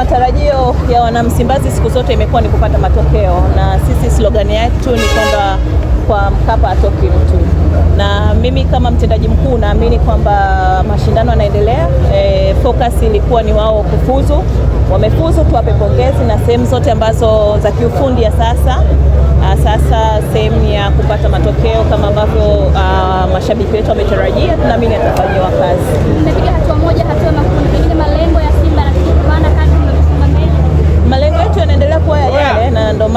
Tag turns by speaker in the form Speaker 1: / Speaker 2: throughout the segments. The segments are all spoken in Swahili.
Speaker 1: matarajio ya wanamsimbazi siku zote imekuwa ni kupata matokeo, na sisi slogan yetu ni kwamba kwa Mkapa atoki mtu, na mimi kama mtendaji mkuu naamini kwamba mashindano yanaendelea. E, focus ilikuwa ni wao kufuzu, wamefuzu, tuwape pongezi na sehemu zote ambazo za kiufundi ya sasa sasa sehemu ya kupata matokeo kama ambavyo uh, mashabiki wetu wametarajia, tunaamini atafanyiwa kazi.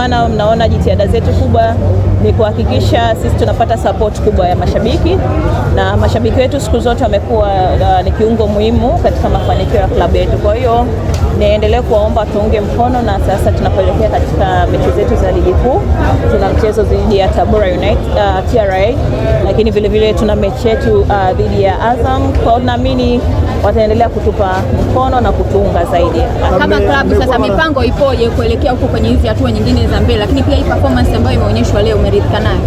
Speaker 1: maana mnaona jitihada zetu kubwa ni kuhakikisha sisi tunapata support kubwa ya mashabiki, na mashabiki wetu siku zote wamekuwa uh, ni kiungo muhimu katika mafanikio ya klabu yetu. Kwa hiyo niendelee kuwaomba tuunge mkono, na sasa tunapoelekea katika mechi zetu za ligi kuu, tuna mchezo dhidi ya Tabora United, uh, TRA, lakini vilevile vile tuna mechi yetu uh, dhidi ya Azam. Kwa hiyo naamini wataendelea kutupa mkono na kutuunga zaidi
Speaker 2: kama klabu. Sasa mipango ipoje kuelekea huko kwenye hizi hatua nyingine? za mbele, lakini pia hii performance ambayo imeonyeshwa leo umeridhika nayo?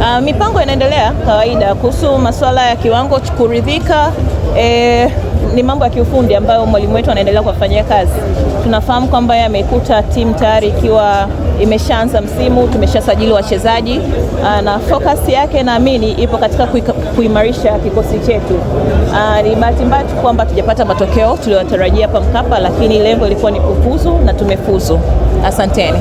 Speaker 1: Uh, mipango inaendelea kawaida kuhusu masuala ya kiwango kuridhika eh, ni mambo ya kiufundi ambayo mwalimu wetu anaendelea kuwafanyia kazi. Tunafahamu kwamba amekuta timu tayari ikiwa imeshaanza msimu, tumeshasajili wachezaji ah, na focus yake naamini ipo katika kuimarisha kikosi chetu. Ah, ni bahati mbaya tu kwamba tujapata matokeo tuliyotarajia hapa Mkapa, lakini lengo ilikuwa ni kufuzu na tumefuzu. Asanteni.